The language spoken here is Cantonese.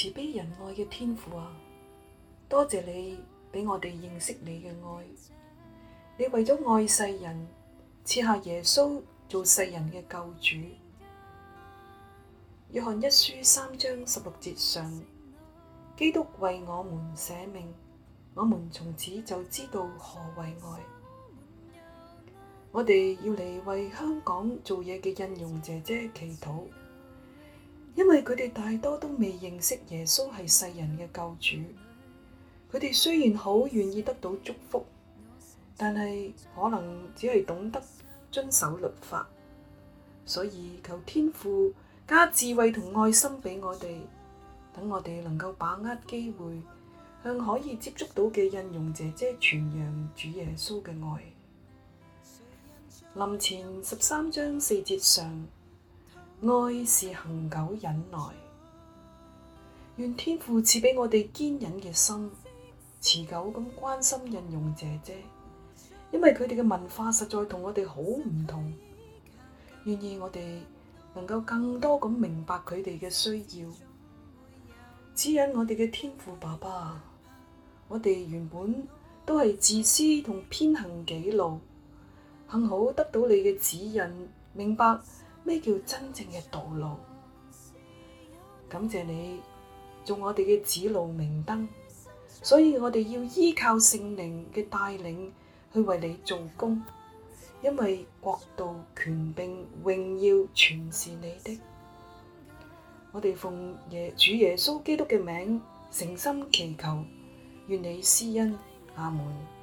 慈悲仁愛嘅天父啊！多謝你畀我哋認識你嘅愛，你為咗愛世人，賜下耶穌做世人嘅救主。約翰一書三章十六節上，基督為我們捨命，我們從此就知道何為愛。我哋要嚟為香港做嘢嘅印傭姐姐祈禱。因為佢哋大多都未認識耶穌係世人嘅救主，佢哋雖然好願意得到祝福，但係可能只係懂得遵守律法，所以求天父加智慧同愛心俾我哋，等我哋能夠把握機會，向可以接觸到嘅印傭姐姐傳揚主耶穌嘅愛。林前十三章四節上，愛是恒久忍耐，願天父賜畀我哋堅忍嘅心，持久咁關心、任容姐姐，因為佢哋嘅文化實在同我哋好唔同，願意我哋能夠更多咁明白佢哋嘅需要。指引我哋嘅天父爸爸，我哋原本都係自私同偏行己路，幸好得到你嘅指引，明白。咩叫真正嘅道路？感謝你做我哋嘅指路明燈，所以我哋要依靠聖靈嘅帶領去為你做工，因為國度、權柄、榮耀全是你的。我哋奉耶主耶穌基督嘅名，誠心祈求，願你施恩。阿門。